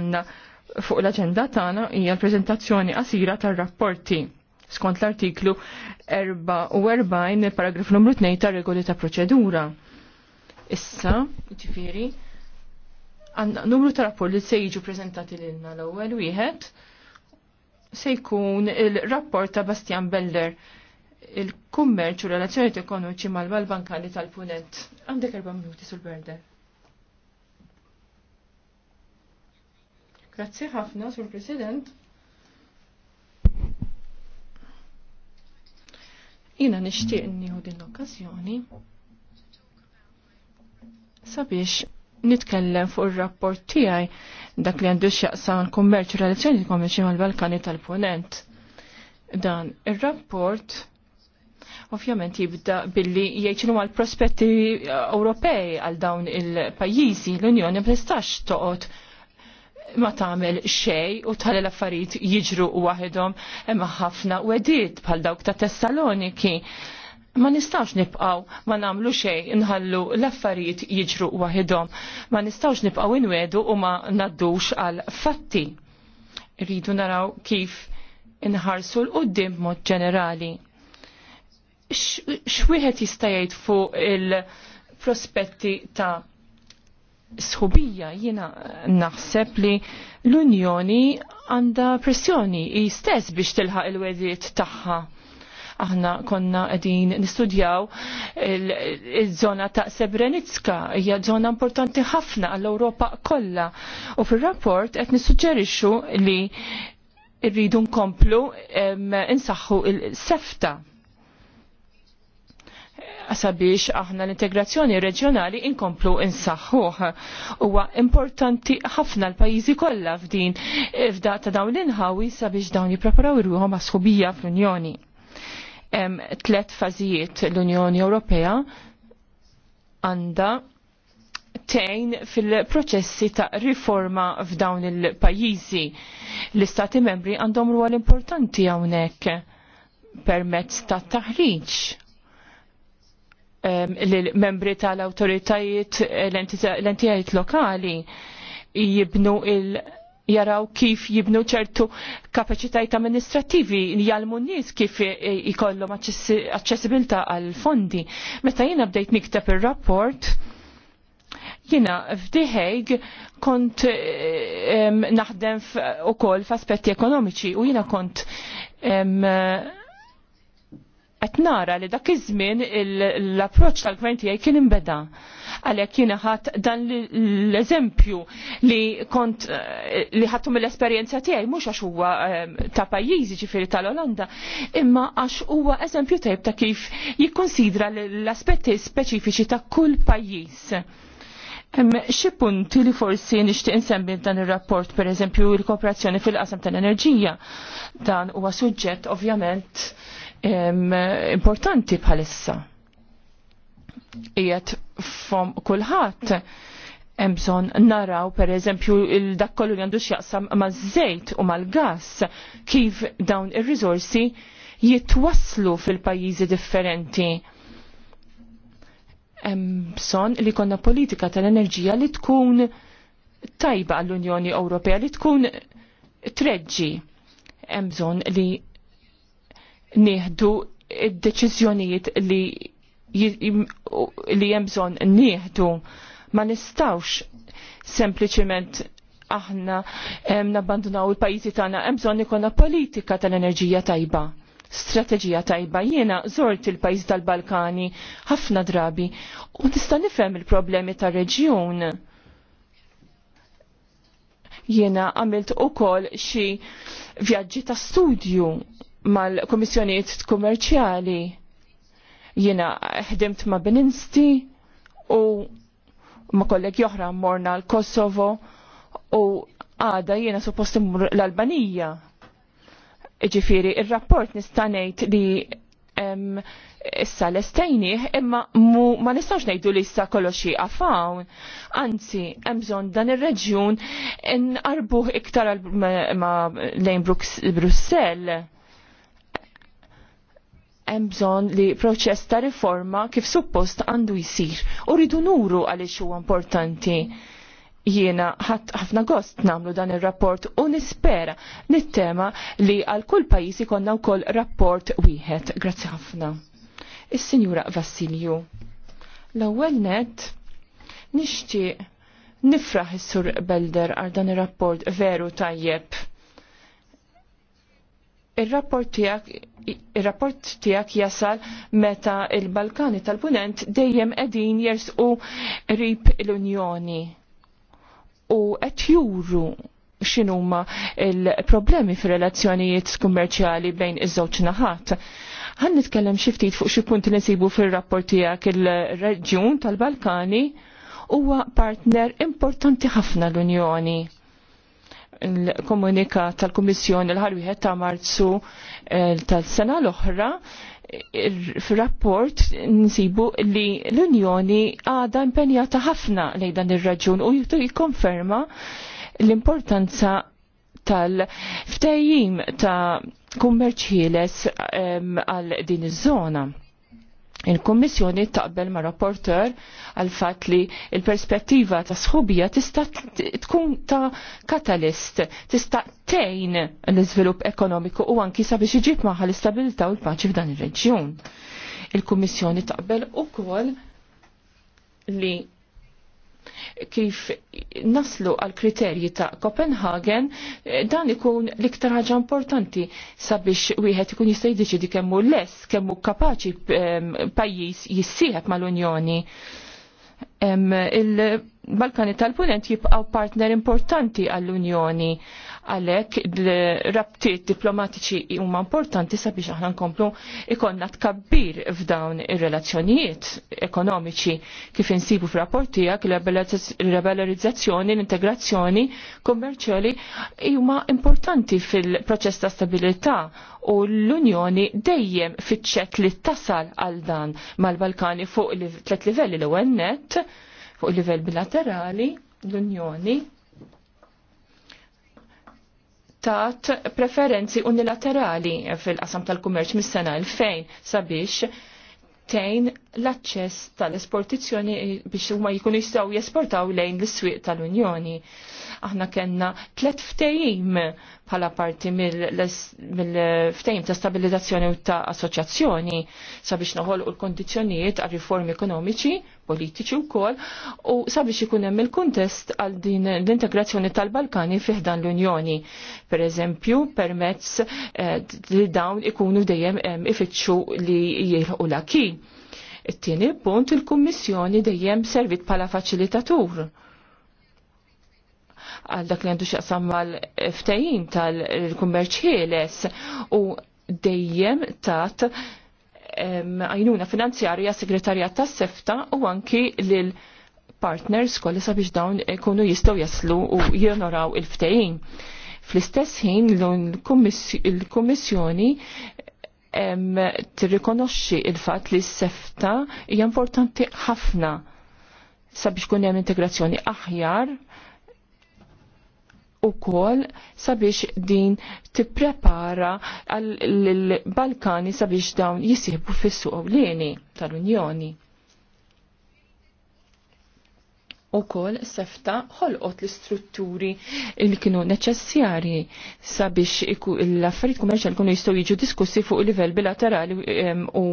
għanna fuq l-agenda tagħna hija l-preżentazzjoni qasira tar-rapporti skont l-artiklu 44 paragraf numru 2 tar-regoli ta' proċedura. Issa, jiġifieri, għandna numru ta' rapport li se jiġu preżentati lilna l-ewwel wieħed se jkun il-rapport ta' Bastian Beller il-kummerċ u relazzjoni ekonomiċi mal-Bank Bankali tal-Punent. Għandek erba' minuti sul-Berder. Grazzi ħafna, Sur President. Jina nishtiq nieħu din l-okkażjoni sabiex nitkellem fuq ir-rapport tiegħi dak li għandu x'jaqsam kummerċ relazzjoni kommerċi mal-Balkani tal-Punent. Dan ir-rapport ovvjament jibda billi jgħidxinu għal prospetti Ewropej għal dawn il-pajjiżi l-Unjoni ma tistax toqgħod ma tagħmel xej u tħalli l-affarijiet jiġru waħedhom imma ħafna wedid bħal dawk ta' Tessaloniki. Ma nistax nibqaw ma nagħmlu xej nħallu l-affarijiet jiġru waħedhom. Ma nistax nibqaw inwedu u ma naddux għal fatti. Rridu naraw kif inħarsu l-qoddim mod ġenerali. wieħed jista' jgħid fuq il-prospetti ta' sħubija jiena naħseb li l-Unjoni għandha pressjoni stess biex tilħaq il-wedijiet tagħha. Aħna konna qegħdin nistudjaw iż-żona ta' Sebrenitska hija żona importanti ħafna għall-Ewropa kollha. U fir-rapport qed nissuġġerixxu li rridu nkomplu insaħħu il-sefta sabiex aħna l-integrazzjoni reġjonali inkomplu insaħħuh. Huwa importanti ħafna l-pajjiżi kollha f'din f'da ta' dawn l-inħawi sabiex dawn jippreparaw irruhom għasħubija fl-Unjoni. Hemm tliet fażijiet l-Unjoni Ewropea għandha tejn fil-proċessi ta' riforma f'dawn il-pajjiżi. L-istati membri għandhom rwol importanti hawnhekk permezz ta' taħriġ l-membri tal-autoritajiet l-entijajiet lokali jibnu il- jaraw kif jibnu ċertu kapacitajt amministrativi li jalmu n-nies kif jikollu maċċessibilta għal fondi. Meta jiena bdejt nikteb ir-rapport, jina f'diħejg kont naħdem u kol f'aspetti ekonomiċi u jina kont qed nara li dak iż-żmien l-approċċ tal-gvern tiegħi kien imbeda. Għalhekk kien ħadd dan l-eżempju li kont eh, li ħadtu mill-esperjenza tiegħi mhux għax huwa eh, ta' pajjiżi ġifieri tal-Olanda, imma għax huwa eżempju tajb ta' kif jikkonsidra l-aspetti speċifiċi ta' kull pajjiż. Xi punti li forsi nixtieq insemmi dan ir-rapport, pereżempju l-kooperazzjoni fil-qasam tal-enerġija. Dan huwa suġġett ovvjament importanti bħalissa. Ijet fom kulħadd emson naraw per eżempju il-dak kollu li għandu xjaqsam maż-żejt u mal-gas kif dawn ir rizorsi jitwaslu fil-pajjiżi differenti. Emson li konna politika tal-enerġija li tkun tajba għall-Unjoni Ewropea li tkun treġġi. Emson li nieħdu id-deċiżjonijiet li li jemżon nieħdu ma nistawx sempliciment aħna nabbandunaw il-pajizi tagħna hemm bżonn ikolna politika tal-enerġija tajba, strateġija tajba. Jiena żort il-pajjiż tal-Balkani ħafna drabi u tista' nifhem il-problemi tar-reġjun. Jiena għamilt ukoll xi vjaġġi ta' studju mal-komissjoniet kummerċjali. Jina ħdimt ma' Beninsti u ma' kollek joħra morna l-Kosovo u għada jina suppost l-Albanija. Ġifiri, il-rapport nistanejt li issa l-estejni, imma ma nistax nejdu li issa kolloxi għafawn. Anzi, emżon dan il-reġjun arbuħ iktar ma lejn Bruxelles hemm bżonn li proċess ta' riforma kif suppost għandu jsir u rridu nuru għaliex huwa importanti. Jiena ħadd ħafna gost nagħmlu dan ir-rapport u nispera nittema li għal kull pajjiż ikonna wkoll rapport wieħed. Grazzi ħafna. Is-Sinjura Vassilju. L-ewwel net nixtieq nifraħ is-Sur Belder għal dan ir-rapport veru tajjeb. Ir-rapport tiegħek il-rapport tijak jasal meta il-Balkani tal-Punent dejjem edin jersqu rib l-Unjoni u qed juru x'inhuma il-problemi fir-relazzjonijiet kummerċjali bejn iż-żewġ naħat. Ħan nitkellem xi ftit fuq xi punti li nsibu fir-rapport tiegħek il-reġjun tal-Balkani huwa partner importanti ħafna l-Unjoni l komunika tal-Kummissjoni l ħarwiħet ta' Marzu eh, tal-sena l-oħra f rapport nsibu li l-Unjoni għada impenjata ħafna lejn dan ir-raġun u jikkonferma l-importanza tal-ftejjim ta' kummerċ ħieles għal din iż-żona il-Kommissjoni taqbel ma' rapporter għal fatt li il-perspettiva ta' sħubija tista' tkun ta' katalist, tista' tejn l-iżvilupp ekonomiku u anki sabiex iġib maħal l-istabilità u l-paċi f'dan ir-reġjun. Il-Kummissjoni taqbel ukoll li kif naslu għal kriterji ta' Copenhagen, eh, dan ikun l-iktar ħaġa importanti sabiex wieħed ikun jista' jiddeċidi kemm hu less, kemm hu kapaċi ehm, pajjiż jissieħeb mal-Unjoni. Ehm, Il-Balkani tal-Punent jibqgħu partner importanti għall-Unjoni għalek l-rabtiet diplomatiċi huma importanti sabiex aħna nkomplu ikonna tkabbir f'dawn ir-relazzjonijiet ekonomiċi kif insibu f'rapportijak l-rebellizzazzjoni, l-integrazzjoni kummerċjali huma importanti fil-proċess ta' stabilità u l-Unjoni dejjem fitċet li tasal għal dan mal-Balkani fuq tlet livelli l-ewwel net fuq livell bilaterali l-Unjoni tat preferenzi unilaterali fil-qasam tal-kummerċ mis-sena 2000 sabiex tejn l-aċċess tal-esportizzjoni biex huma jkunu jistgħu jesportaw lejn l iswiq tal-Unjoni. Aħna kena tlet ftejim bħala parti mill-ftejim ta' stabilizzazzjoni u ta' assoċjazzjoni sabiex u l kondizjoniet għal riformi ekonomiċi, politiċi u kol, u sabiex ikun hemm il-kuntest għal din l-integrazzjoni tal-Balkani fiħdan l-Unjoni. Per eżempju, permezz eh, li dawn ikunu dejjem eh, ifittxu li jilħu l-aki. It-tieni punt il-Kummissjoni dejjem servit pala faċilitatur għal dak li għandu xaqsam mal-ftajin tal-kummerċ ħieles u dejjem tat għajnuna finanzjarja segretarjat tas sefta u anki lil partners kolli sabiex dawn ikunu jistaw jaslu u jonoraw il ftajin Fl-istess ħin l-Kummissjoni tirrikonoxxi il-fatt li s-sefta hija importanti ħafna sabiex kunjem hemm integrazzjoni aħjar u kol sabiex din tipprepara għal balkani sabiex dawn jisibu fissu għawlini tal-Unjoni. U kol sefta ħolqot l-istrutturi li kienu neċessjari sabiex l-affarijiet kummerċali kienu jistgħu jiġu diskussi fuq il-livell bilaterali u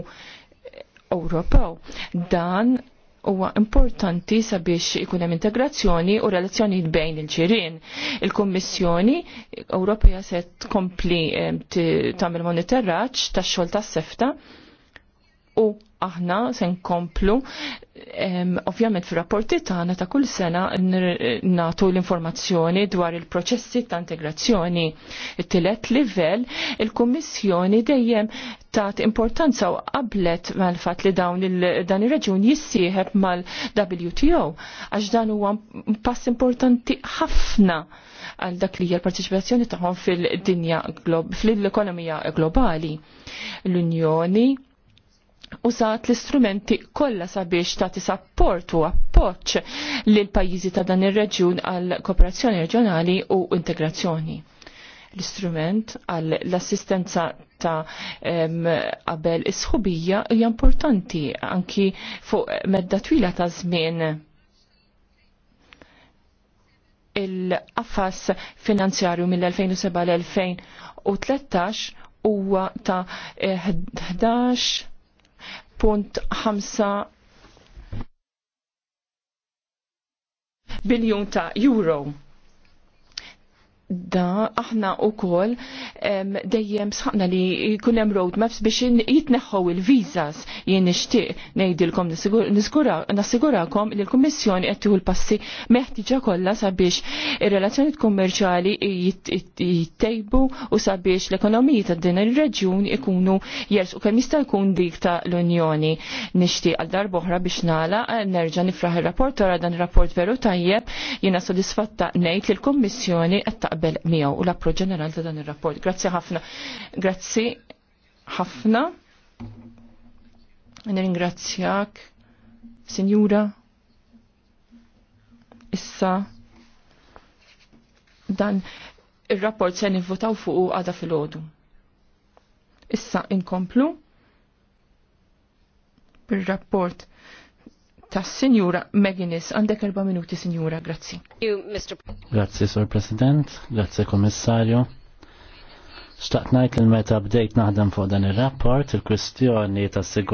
Ewropew. Dan huwa importanti sabiex ikun hemm integrazzjoni u relazzjoni bejn il-ġirien. Il-Kummissjoni Ewropea se tkompli eh, tagħmel monitoraġġ tax-xogħol tas-sefta u aħna se nkomplu ovvjament fir-rapporti tagħna ta' kull sena nagħtu l-informazzjoni dwar il-proċessi ta' integrazzjoni. It-tielet livell il-Kummissjoni dejjem tat importanza u qablet mal-fatt li dawn dan ir-reġun jissieħeb mal-WTO għax dan huwa pass importanti ħafna għal dak li hija l-parteċipazzjoni tagħhom fil-dinja fl-ekonomija globali. L-Unjoni U saħat l-istrumenti kollha sabiex tagħti sapport u appoġġ l pajjiżi ta' dan ir-reġjun għal kooperazzjoni reġjonali u integrazzjoni l-istrument għall l-assistenza ta' qabel is-sħubija hija importanti anki fuq medda twila ta' żmien il-qafas finanzjarju mill-2007 l-2013 huwa ta' 11 eh, punt 5 biljun ta' euro da aħna u kol dejjem sħakna li kunem roadmaps biex jitneħħu il-vizas jien nishtiq nejdilkom nassigurakom li l-Kommissjoni qed tieħu l-passi meħtieġa kollha sabiex ir-relazzjoni kummerċjali jittejbu u sabiex l-ekonomiji ta' din ir-reġjun ikunu jersqu kemm jista' jkun dik ta' l-Unjoni. Nixtieq għal darb'oħra biex nagħlaq nerġa' nifraħ ir-rapport wara dan ir-rapport veru tajjeb jiena sodisfatta ngħid li l-Kommissjoni qed naqbel miegħu u l-approċ ġenerali ta' dan ir-rapport. Grazzi ħafna. Grazzi ħafna. Nirringrazzjak, Sinjura. Issa dan ir-rapport se nivvotaw fuq għada fil-ħodu. Issa inkomplu bir-rapport tas Sinjura Meginis. Għandek erba' minuti, Sinjura, grazzi. Grazzi, Sur President, grazzi, Kommissarju. Xtaqt najt il meta bdejt naħdem fuq dan ir rapport il-kwistjoni ta'